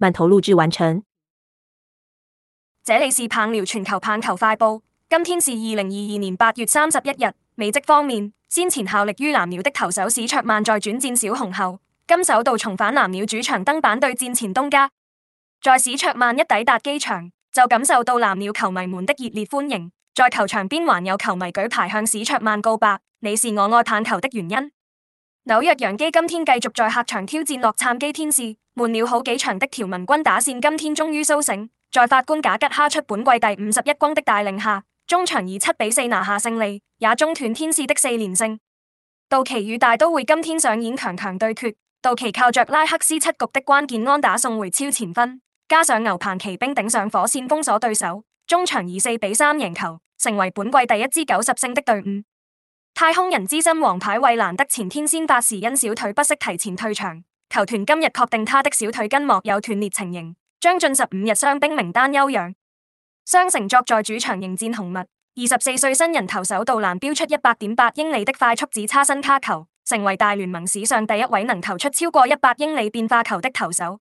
慢投錄製完成。這裏是棒聊全球棒球快報。今天是二零二二年八月三十一日。美職方面，先前效力於藍鳥的投手史卓曼在轉戰小熊後，今首度重返藍鳥主場登板對戰前東家。在史卓曼一抵達機場，就感受到藍鳥球迷們的熱烈歡迎。在球場邊，還有球迷舉牌向史卓曼告白：你是我愛棒球的原因。紐約洋基今天繼續在客場挑戰洛杉磯天使，悶了好幾場的條紋軍打線今天終於甦醒，在法官賈吉哈出本季第五十一冠的帶領下，中場以七比四拿下勝利，也中斷天使的四連勝。道奇與大都會今天上演強強對決，道奇靠着拉克斯七局的關鍵安打送回超前分，加上牛棚奇兵頂上火線封鎖對手，中場以四比三贏球，成為本季第一支九十勝的隊伍。太空人資深王牌衛蘭德前天先發時，因小腿不適提前退場。球團今日確定他的小腿筋膜有斷裂情形，將進十五日傷兵名單休養。雙城作在主場迎戰紅襪。二十四歲新人投手杜蘭飆出一百點八英里的快速指叉身卡球，成為大聯盟史上第一位能投出超過一百英里變化球的投手。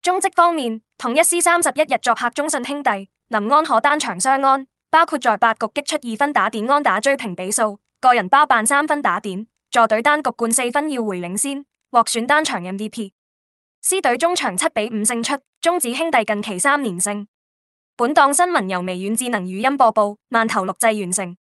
中職方面，統一獅三十一日作客中信兄弟，林安可單場雙安，包括在八局擊出二分打點安打追平比數。個人包辦三分打點，助隊單局冠四分要回領先，獲選單場 MVP。獅隊中場七比五勝出，中信兄弟近期三連勝。本檔新聞由微軟智能語音播報，慢頭錄製完成。